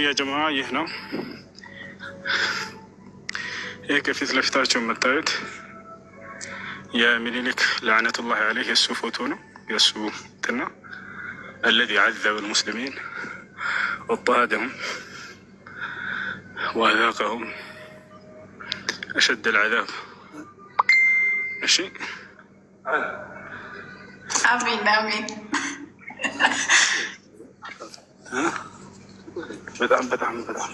እንግዲህ የጀማ ይህ ነው። ይህ ከፊት ለፊታቸው የምታዩት የሚኒሊክ ለዕነቱላህ አለይህ የእሱ ፎቶ ነው። የእሱ ትና አለዚ አዘበ ልሙስሊሚን ወጣሃደሁም ወአዛቀሁም አሸደ ልዓዛብ። እሺ አሚን አሚን በጣም በጣም በጣም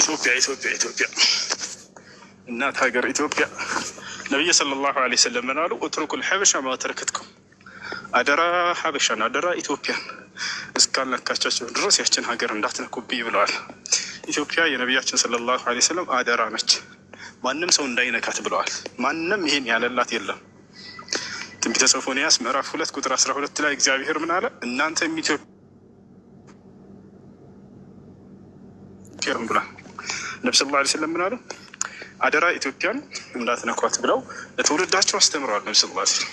ኢትዮጵያ ኢትዮጵያ ኢትዮጵያ እናት ሀገር ኢትዮጵያ። ነቢይ ሰለላሁ ዐለይሂ ወሰለም ምን አሉ? ኡትሩኩል ሐበሻ ማተረክትኩም፣ አደራ ሀበሻን አደራ ኢትዮጵያን እስካልነካቻቸው ድረስ ያችን ሀገር እንዳትነኩብኝ ብለዋል። ኢትዮጵያ የነቢያችን ሰለላሁ ዐለይሂ ወሰለም አደራ ነች፣ ማንም ሰው እንዳይነካት ብለዋል። ማንም ይሄን ያለላት የለም። ሶፎንያስ ምዕራፍ ሁለት ቁጥር አስራ ሁለት ላይ እግዚአብሔር ምን አለ? እናንተ ኢትዮጵያ ብሏል። ነብስ ላ ስለም ምን አሉ? አደራ ኢትዮጵያን እንዳትነኳት ብለው ለትውልዳቸው አስተምረዋል። ነብስ ላ ስለም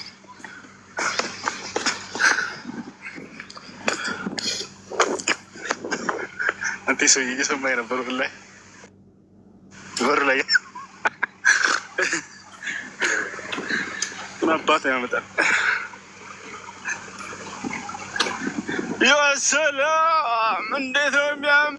አንተ ሰው እየሰማ የነበሩ ላይ በር ላይ ምን አባት ያመጣል? ሰላም እንዴት ነው የሚያም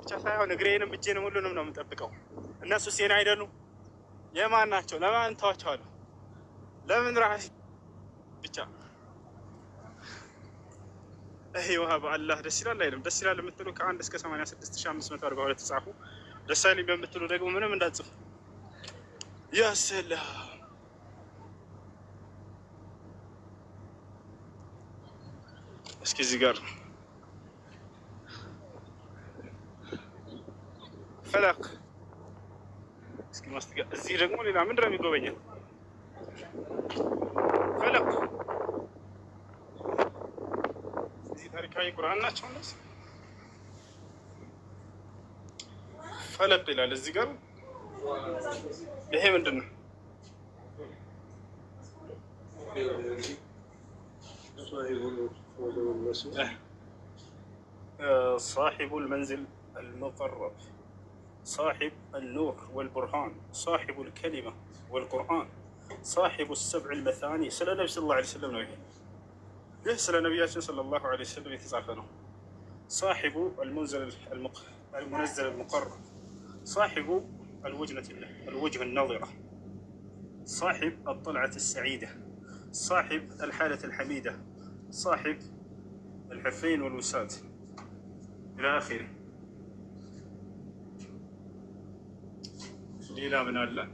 ብቻ ሳይሆን እግሬንም እጄንም ሁሉንም ነው የምጠብቀው። እነሱ ሴን አይደሉም። የማን ናቸው? ለማን ተዋቸዋለሁ? ለምን ራሽ ብቻ ይህዋ በአላህ ደስ ይላል አይልም? ደስ ይላል የምትሉ ከአንድ እስከ 86542 ጻፉ። ደስ አይልም በምትሉ ደግሞ ምንም እንዳጽፉ። ያ ሰላም እስኪ እዚህ ጋር ፈላክ እስኪ ማስጋ እዚህ ደግሞ ሌላ ምንድን ነው የሚጎበኘው? ፈለቁ እዚህ ታሪካዊ ቁርአን ናቸው እነዚህ ፈለቅ ይላል እዚህ ጋር ይሄ ምንድን ነው صاحب المنزل المقرب صاحب النور والبرهان صاحب الكلمة والقرآن صاحب السبع المثاني سأل النبي صلى الله عليه وسلم نوعه يسأل النبي صلى الله عليه وسلم يتزعفنه صاحب المنزل المق... المنزل المقرر صاحب الوجنة الوجه النظرة صاحب الطلعة السعيدة صاحب الحالة الحميدة صاحب الحفين والوساد إلى آخره لا من الله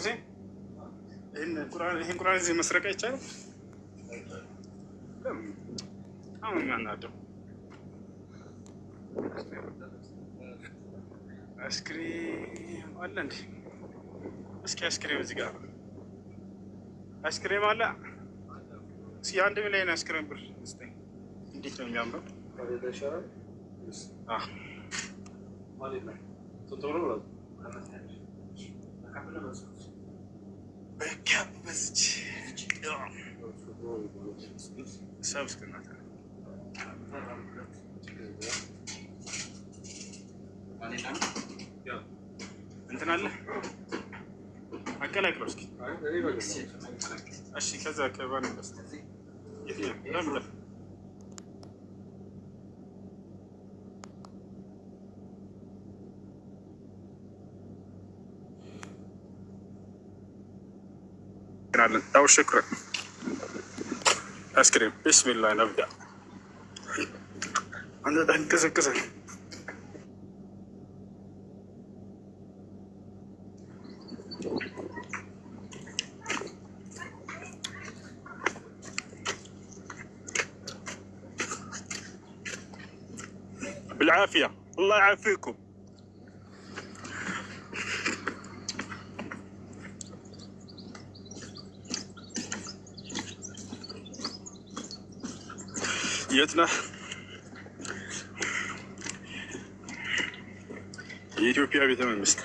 ይህን ቁርአን እዚህ መስረቅ አይቻልም። አሁን የሚያናደው አይስክሪም አለ እንዴ? እስኪ አይስክሪም እዚህ ጋር አይስክሪም አለ። እስኪ አንድ ሚሊዮን አይስክሪም ብር ስጠኝ። እንዴት ነው የሚያምረው! አዎ እንትን አለ አቀላቅለው እስኪ። እሺ ከዛ على الدعوة شكرا أسكريم بسم الله نبدأ أنا دهن كذا كذا بالعافية الله يعافيكم የት ነህ? የኢትዮጵያ ቤተ መንግስት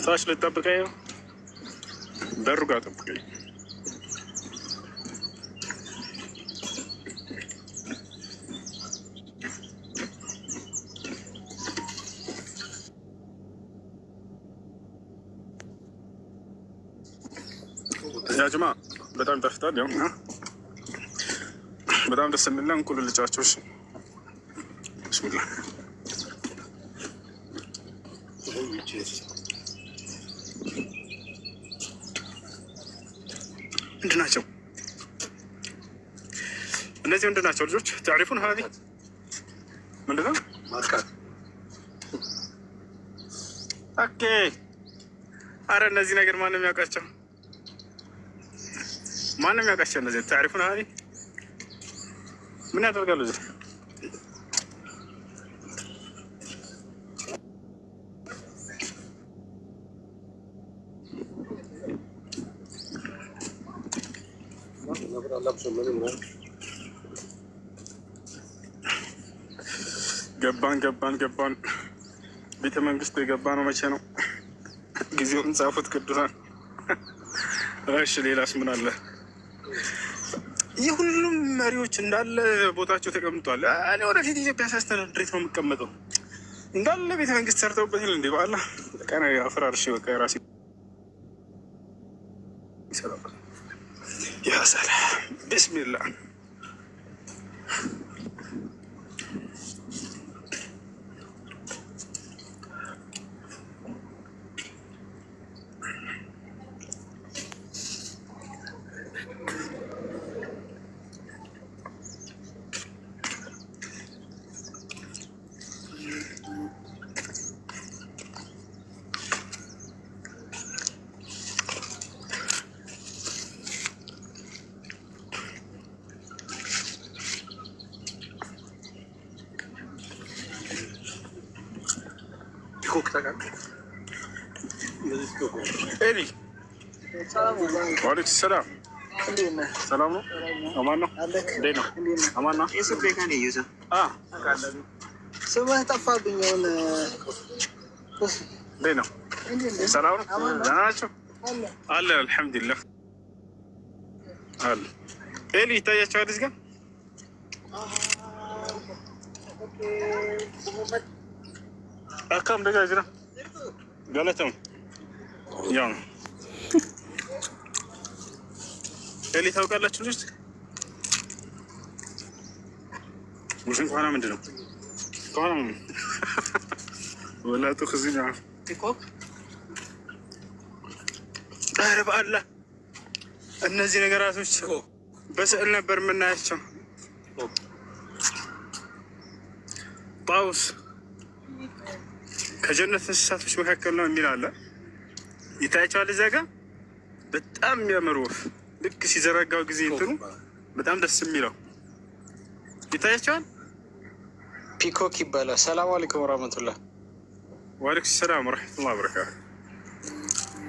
እታች ልጠብቀኝ ነው። በሩ ጋር ጠብቀኝ። ያጅማ በጣም ይጣፍጣል ያው በጣም ደስ የሚል ነው። እንቁል ልጫቸው። እሺ፣ ብስሚላ ምንድን ናቸው እነዚህ? ምንድን ናቸው ልጆች? ታሪፉን ሀዚ ምንድን ነው? ኦኬ። አረ እነዚህ ነገር ማንም ያውቃቸው፣ ማንም ያውቃቸው እነዚህ ታሪፉን ሀዚ ምን ያደርጋሉ? ገባን ገባን ገባን። ቤተ መንግስቱ የገባ ነው። መቼ ነው ጊዜውን ጻፉት ቅዱሳን። እሺ ሌላስ ምን አለ? የሁሉም መሪዎች እንዳለ ቦታቸው ተቀምጧል። እኔ ወደፊት ኢትዮጵያ ሳስተናል እንዴት ነው የምቀመጠው እንዳለ ቤተ መንግስት ሰርተውበት ይል እንዴ በአላ ቀን አፈራርሽ በቃ ራሲ ያ ሰላም ብስሚላህ السلام ሰላም ነው። አማን ነው። እንዴት ነው? አማን ነው። ስምህ ጠፋብኝ። አሁን እንዴት ነው? ሰላም ነው። ደህና ናቸው አለ። አልሐምዱሊላህ አለ። ኤሊ ይታያቸዋል እዚህ ጋር አካም ደጋጅ ነው ገለተም ያው ነው ሸሌ ታውቃላችሁ ልጅ ሙሽን ከኋላ ምንድን ነው? ከኋላ ወላጡ ከዚህ ነው። ኧረ በአላህ እነዚህ ነገራቶች በስዕል ነበር የምናያቸው። ጳውስ ከጀነት እንስሳቶች መካከል ነው የሚል አለ። ይታያቸዋል እዚያ ጋ በጣም የሚያምር ወፍ ልክ ሲዘረጋው ጊዜ እንትኑ በጣም ደስ የሚለው ይታያቸዋል። ፒኮክ ይባላል። ሰላም አለይኩም ወራህመቱላ። ዋሌኩም ሰላም ወረህመቱላ በረካቱ።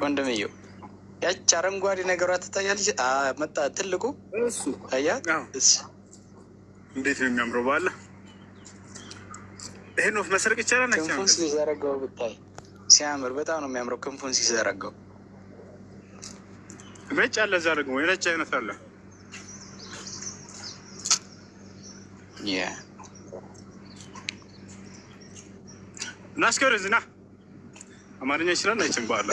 ወንድምየው ያች አረንጓዴ ነገሯ ትታያለች። መጣ ትልቁ እሱ ታያት። እንዴት ነው የሚያምረው! ባለ ይህን ወፍ መሰረቅ ይቻላል። ክንፉን ሲዘረጋው ብታይ ሲያምር፣ በጣም ነው የሚያምረው ክንፉን ሲዘረጋው ነጭ አለ፣ እዛ ደግሞ የነጭ አይነት አለ። ናስከር ዝና አማርኛ ይችላል አይችም በአለ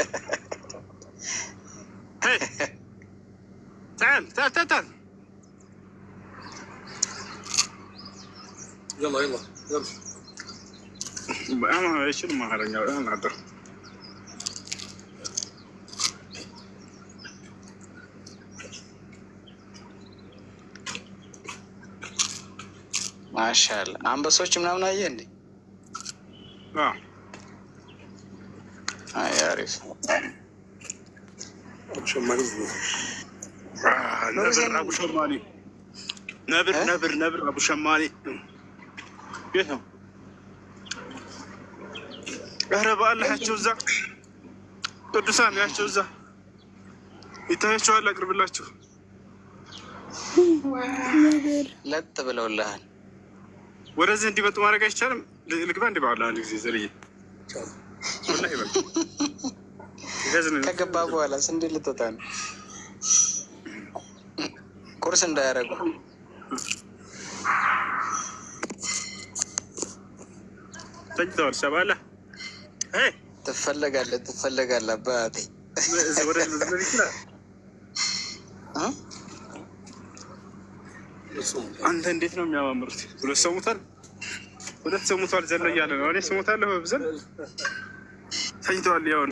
تعال تعال تعال تعال يلا يلا يلا انا ايش المهرجان انا عذر ማሻል አንበሶች ምናምን አየ እንዴ? አሪፍ ነብር ነብር ነብር አቡ ነው? ኧረ ያቸው እዛ ቅዱሳን ያቸው እዛ ይታያቸዋል። አቅርብላችሁ ለጥ ብለውልሃል። ወደዚህ እንዲመጡ ማድረግ አይቻልም። ልግባ እንዲ ባለ አንድ ጊዜ ዘርዬ ከገባ በኋላ ስንዴ ልትወጣ ነው። ቁርስ እንዳያደርጉ ተኝተዋል። ሰባላ ትፈለጋለህ ትፈለጋለህ አባቴ አንተ እንዴት ነው የሚያማምሩት? ሁለት ሰው ሞቷል፣ ሁለት ሰው ሞቷል ዘለ እያለ ነው። እኔ ስሞታለሁ በብዛት ተኝተዋል። ያውን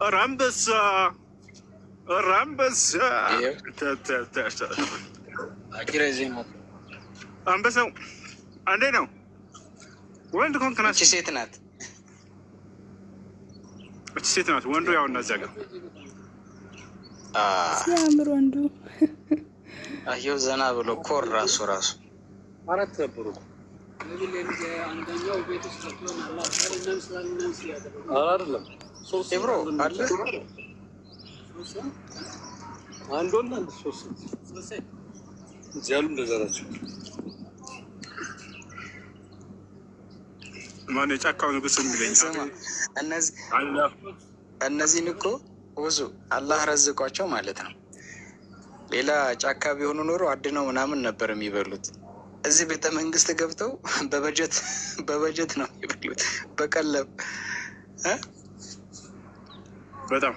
ኧረ አንበሳው አንዴ ነው ወንድ ኮንክናት ሴት ናት እች ሴት ናት። ወንዱ ያው እና ጋር ሲያምር ወንዱ አየው ዘና ብሎ ኮር ራሱ ራሱ አራት ነበሩ። ብሮ አለ አንድ አንድ ሶስት እዚያ እንደዛ ናቸው። ማነው የጫካው ንጉስ የሚለኝ? እነዚህን እኮ ብዙ አላህ ረዝቋቸው ማለት ነው። ሌላ ጫካ ቢሆኑ ኖሮ አድነው ምናምን ነበር የሚበሉት። እዚህ ቤተ መንግስት ገብተው በበጀት በበጀት ነው የሚበሉት። በቀለብ በጣም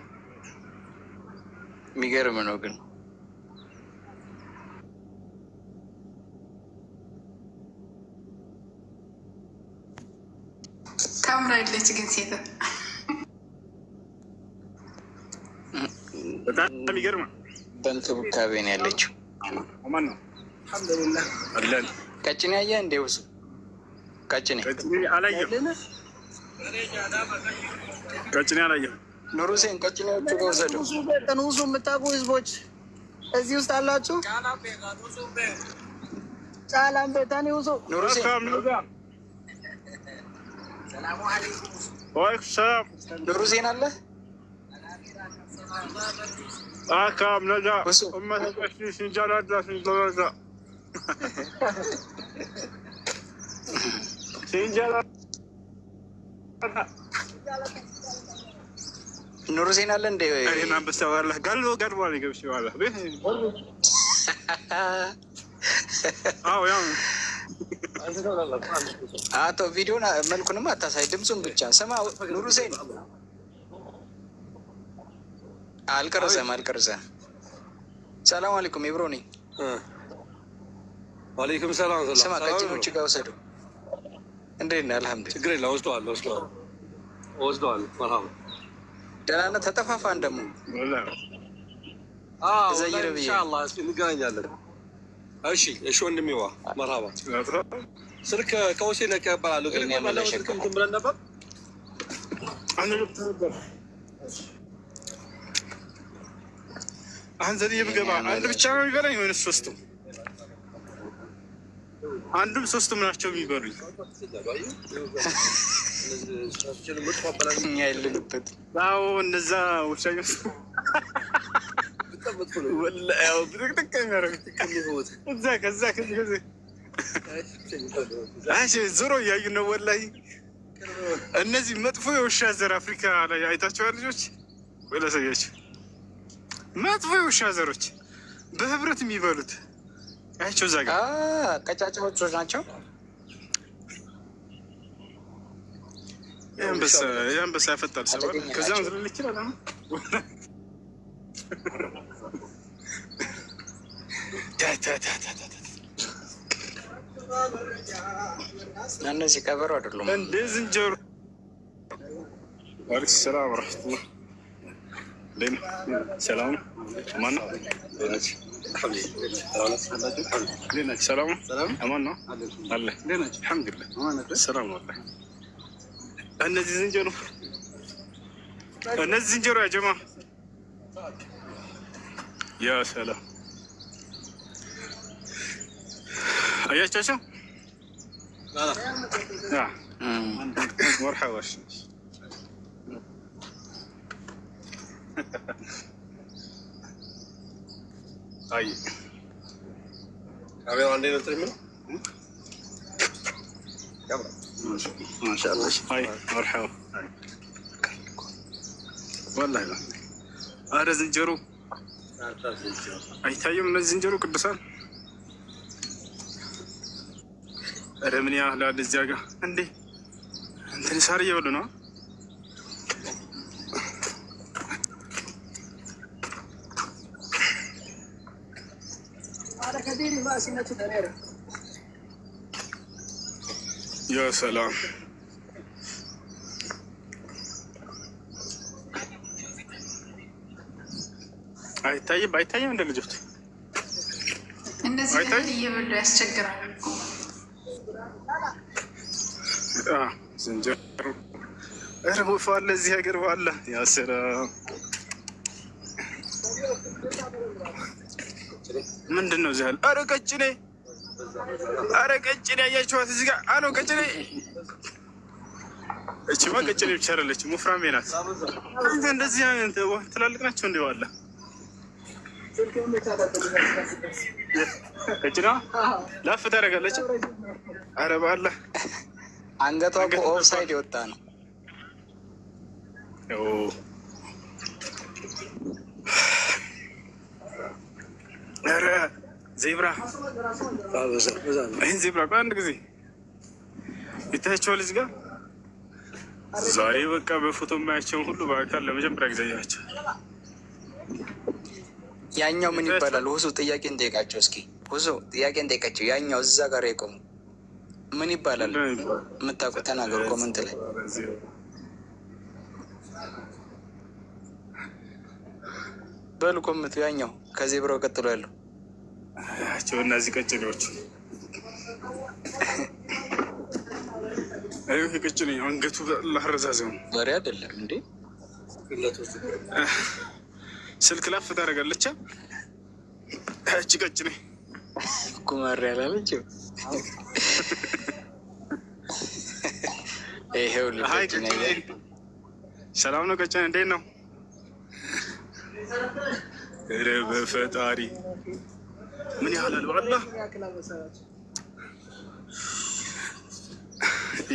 የሚገርም ነው ግን ታምራለች ግን ሴት በጣም ይገርማ። በእንክብካቤ ነው ያለችው። ቀጭኔ አየህ እንደ ውሱ ቀጭኔ ቀጭኔ አላየሁም። ኑሩሴን ቀጭኔዎቹ በውሰደው ውሱ የምታውቁ ህዝቦች እዚህ ውስጥ አላችሁ። ጫላም ቤታን ውሱ ኑሩሴን ወይክ ሰላም ድሩ ዜና አለ አካም ነጃ እመተቀሽ እንጀራ ድረስ እንደረዛ ኑሩ ዜና አለ እንደ አንበሳ ዋላ ጋሎ ጋድማ ገብሽ ዋላ አዎ ያው አቶ ቪዲዮን መልኩንም አታሳይ፣ ድምፁን ብቻ ስማ። ኑሩ ዘይን አልቀረጸም፣ አልቀረጸም። ሰላም አለይኩም ኢብሮኒ። ዋለይኩም ሰላም። ስማ ቀጭኖች ጋር ወሰዱ። እንዴት ነህ? አልሐምዱሊላህ። ችግር የለም ወስደዋል፣ ወስደዋል፣ ወስደዋል። መርሃባ ደህና ነህ? ተጠፋፋን ደግሞ እዛ እንገናኛለን እሺ እሺ፣ ወንድሜዋ መርሃባ። ስልክ ከውሴ ነካ ይባላሉ። ግን ባለው ስልክ እንትን ብለን ነበር አሁን አንተ ብገባ አንድ ብቻ ነው የሚበላኝ ወይንስ ሶስቱም? አንዱም ሶስቱም ናቸው የሚበሉኝ። እኛ አዎ እነዛ ውሻ መጥፎ ዞሮ እያዩ ነው። ወላሂ እነዚህ መጥፎ የውሻ ዘር አፍሪካ ላይ አይታችኋል ልጆች? መጥፎ የውሻ ዘሮች በህብረት የሚበሉት ያቸው እዛ ጋር ቀጫጫዎች ናቸው። የአንበሳ ያፈጣል ዝልል ይችላል እነዚህ ቀበሮ አይደሉም እንደ ዝንጀሮ። ዋሌኩም ሰላም ወረሕመቱላህ። ሰላም አማን ነው። ሰላም አማን ነው አለ። አልሐምዱሊላህ ሰላም ወላሂ። እነዚህ ዝንጀሮ እነዚህ ዝንጀሮ ያ ጀማ ያ ሰላም ايش جشم؟ لا لا نعم. مرحبا طيب عبير عندنا ترمي؟ ما شاء الله هاي طيب، مرحبا والله لا ኧረ ዝንጀሮ አይታየም። እነዚህ ዝንጀሮ ቅዱሳን ኧረ ምን ያህላል እዚያ ጋ እንዴ እንትን ሳር እየበሉ ነው። ያ ሰላም አይታይም አይታይም እንደ ልጆች እንደዚህ እየበሉ ያስቸግራሉ። ዝንጀሮ እርቦፋል። ለዚህ ሀገር ባለ ያስራ ምንድን ነው እዚህ አለ። ኧረ ቀጭኔ፣ ኧረ ቀጭኔ አያችኋት እዚህ ጋር አሎ ቀጭኔ። እችማ ቀጭኔ ብቻ አይደለችም ወፍራሜ ናት። አንተ እንደዚህ ትላልቅ ናቸው እንዲ ዋለ ቀጭኔ ላፍ ታደርጋለች። አረ ባላ አንገቷ እኮ ኦፍሳይድ የወጣ ነው። ኧረ ዜብራ ይህን ዜብራ ቆይ አንድ ጊዜ ይታያቸው ልጅ ጋር ዛሬ በቃ በፎቶ የማያቸውን ሁሉ በአካል ለመጀመሪያ ጊዜ ያቸው። ያኛው ምን ይባላል? ሁሱ ጥያቄ እንጠይቃቸው እስኪ። ሁሱ ጥያቄ እንጠይቃቸው። ያኛው እዛ ጋር የቆሙ ምን ይባላል? የምታውቁት ተናገሩ ኮመንት ላይ በሉ ኮመንት። ያኛው ከዚህ ብረው ቀጥሎ ያለው ያቸው እነዚህ ቀጭኔዎች አዩ ቀጭኔ አንገቱ ላረዛዘው ወሬ አይደለም እንዴ ስልክ ላፍ ታደርጋለች። እቺ ቀጭኔ ጉማሬ ያላለችው ይሄው ሰላም ነው። ቀጭን እንዴት ነው? ኧረ በፈጣሪ ምን ያህል አልባላ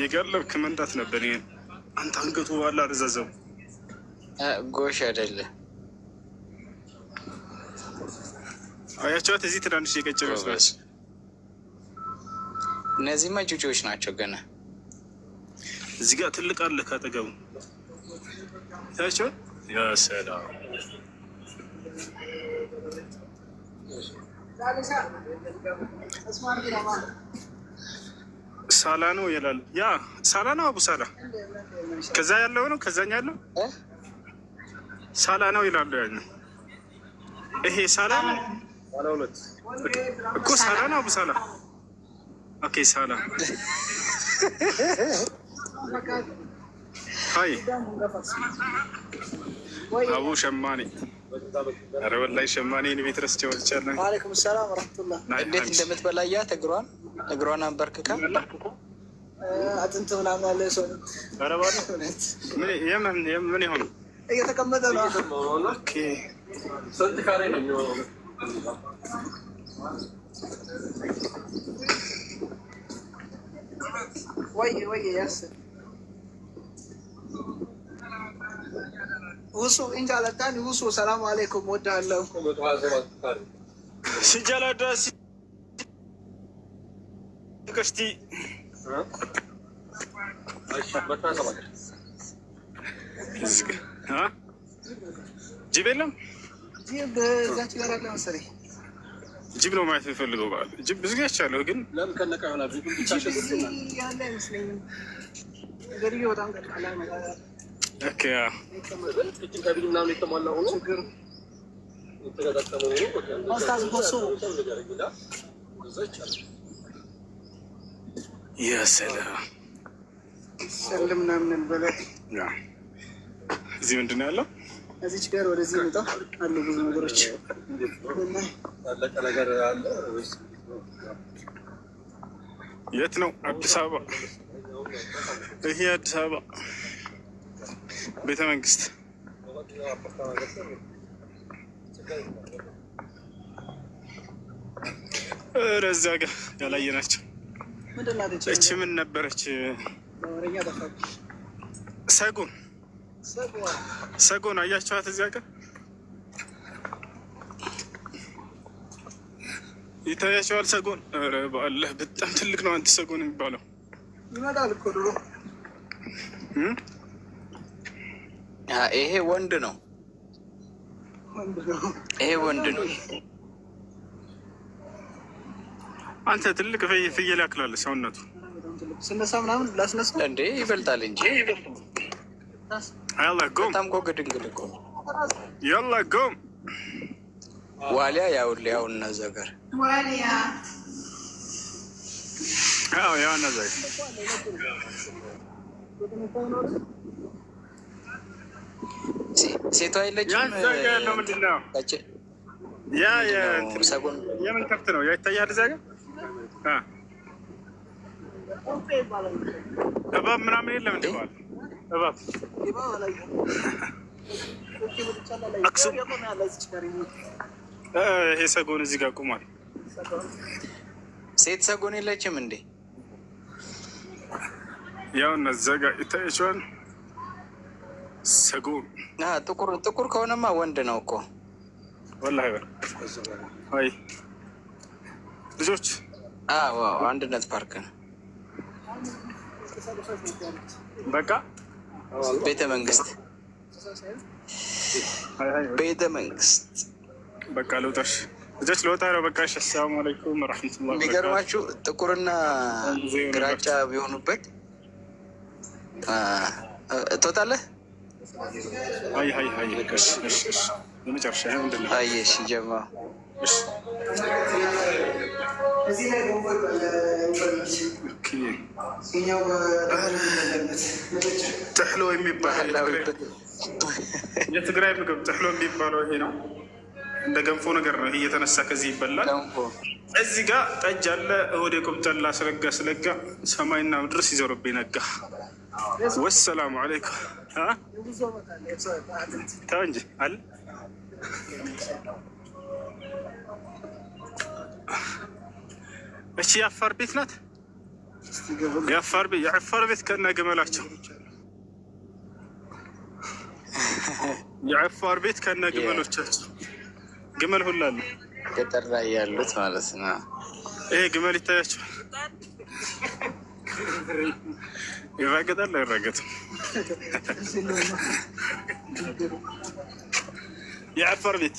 የቀለብክ መንዳት ነበር። ይሄን አንተ አንገቱ ባላ አርዘዘው ጎሽ አይደለ? አያቸዋት እዚህ ትናንሽ የቀጭ መስላች እነዚህ መጁጆች ናቸው። ገና እዚህ ጋር ትልቅ አለ ካጠገቡ ታቸው ያሰላም ሳላ ነው ይላል። ያ ሳላ ነው አቡ ሳላ ከዛ ያለው ነው ከዛኛ ያለው ሳላ ነው ይላሉ። ያኛው ይሄ ሳላ ነው እኮ ሳላ ነው አቡ ሳላ ኦኬ ሰላም ሀይ አቡ ሸማኔ ኧረ ወላሂ ሸማኔን ቤት ረስቼው ወጥቻለሁ። ወአለይኩም ሰላም ወረሕመቱላህ። እንዴት እንደምትበላያት እግሯን እግሯን አንበርክካ አጥንት ምናምን አለ ሰው ምን ይሆን እየተቀመጠ ነው። ኦኬ ስንት ካሬ ነው የሚሆነው? ወይ ወይ ያስ ውሱ እንጃ ለታን ውሱ ሰላም አለይኩም ወዳለው ሲጀላ ድረስ ከሽቲ ጅብ የለም ጅብ በዛች ጋር አለ መሰለኝ ጅብ ነው ማየት የሚፈልገው በዓል ጅብ ብዙ ጊዜ አይቻለሁ፣ ግን ያሰላ ምናምን በላይ እዚህ ምንድን ነው ያለው? እዚች ጋር ወደዚህ መጣ አሉ ብዙ ነገሮች የት ነው? አዲስ አበባ። ይሄ አዲስ አበባ ቤተ መንግስት ረዚያ ጋር ያላየ ናቸው። እቺ ምን ነበረች? ሰጉን ሰጎን አያቸዋት እዚያ ቀን ይታያቸዋል። ሰጎን ኧረ በአላህ በጣም ትልቅ ነው። አንተ ሰጎን የሚባለው ይመጣል እኮ ድሮ። ይሄ ወንድ ነው፣ ይሄ ወንድ ነው። አንተ ትልቅ ፍየል ያክላል ሰውነቱ። ስነሳ ምናምን ላስነሳ እንዴ ይበልጣል እንጂ ይበልጣል አያላገውም። በጣም እኮ ግድንግል እኮ ያላገውም። ዋሊያ ያውል ያው እና ዋሊያ ያው ያው እና ሴቷ የለችም። የምን ከብት ነው? ይታያል እዚያ ጋር እባብ ምናምን የለም እንደዋል ይሄ ሰጎን እዚህ ጋር ቁሟል። ሴት ሰጎን የለችም እንዴ? ያው እነዚያ ጋር ይታያቸዋል። ሰጎን ጥቁር ጥቁር ከሆነማ ወንድ ነው እኮ ወላሂ። አይ ልጆች አንድነት ፓርክ ነው በቃ ቤተ መንግስት ቤተ መንግስት በቃ ልውጣሽ፣ ልጆች ልወጣ ነው። በቃ ሰላም አለይኩም ረመቱላ። የሚገርማችሁ ጥቁርና ግራጫ ቢሆኑበት ትወጣለህ። የመጨረሻ ምንድን ነው? ጀማ እዚህ ላይ ጥሕሎ የሚባለው የትግራይ ምግብ ጥሕሎ የሚባለው ይሄ ነው። እንደ ገንፎ ነገር ነው። ይሄ እየተነሳ ከዚህ ይበላል። እዚህ ጋ ጠጅ አለ። እሁዴ ቁምጠላ ስለጋ ስለጋ ሰማይና ምድር ሲዞርብኝ ነጋ። ወሰላሙ አለይኩም ተው እንጂ አለ እቺ የአፋር ቤት ናት። የአፋር ቤት ከነ ግመላቸው የአፋር ቤት ከነ ግመሎቻቸው ግመል ሁላሉ ገጠር ላይ ያሉት ማለት ነው። ይሄ ግመል ይታያቸዋል። ይራገጣል አይራገጥም? የአፋር ቤት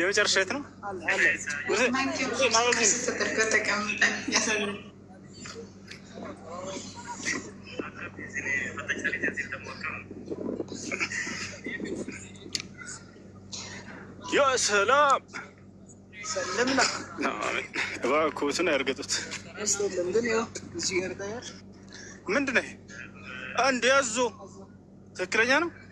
የመጨረሻ የት ነው? ሰላም እባክዎትን ያርገጡት። ምንድን ነው አንድ ያዞ ትክክለኛ ነው።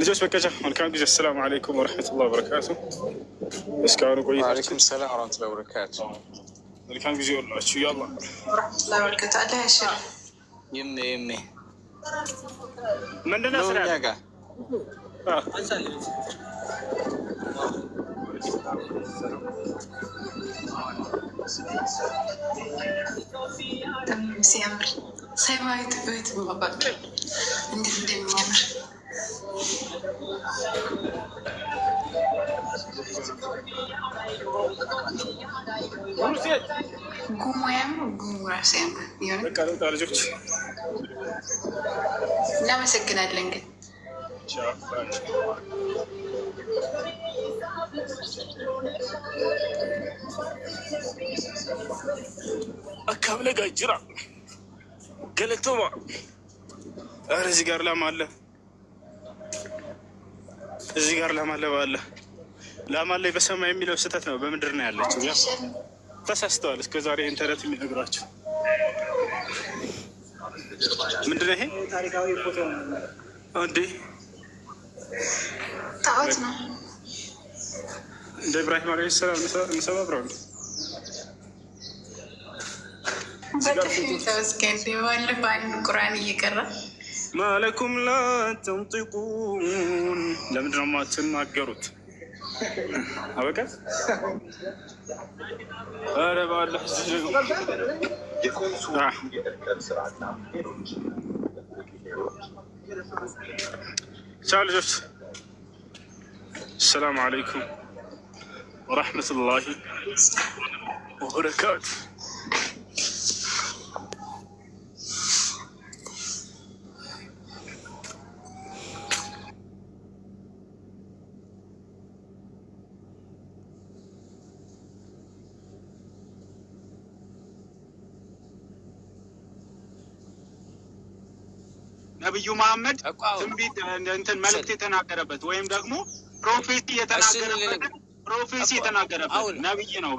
نجوش بكجة من كان بيجي السلام عليكم ورحمة الله وبركاته بس كانوا وعليكم السلام ورحمة الله وبركاته اللي كان بيجي يقول شو يلا ورحمة الله وبركاته الله يشر يمني يمني من الناس نعم تم سيامر سيما يتبوي تبوي بابا عندي في دمي እናመሰግናለን ግን አካብለ ጋጅራ ገለቶማ እዚህ ጋር ላም አለ እዚህ ጋር ላማለብ አለ ላማን በሰማይ የሚለው ስህተት ነው። በምድር ነው ያለችው። ተሳስተዋል። እስከ ዛሬ ኢንተርኔት የሚነግራቸው ምንድን ነው? ይሄ እንዴ እንደ ኢብራሂም አለ ሰላም እንሰባብረው ባለፈው አንድ ቁርአን እየቀራ ማለኩም ላ ተንጢቁን ለምንድን ነው የማትናገሩት? አበቃ። ኧረ ባለህ ቻው ልጆች። አሰላሙ አለይኩም ወረሕመቱላሂ ወበረካቱ ነብዩ መሐመድ ትንቢት እንትን መልእክት የተናገረበት ወይም ደግሞ ፕሮፌሲ የተናገረበት ፕሮፌሲ የተናገረበት ነብይ ነው።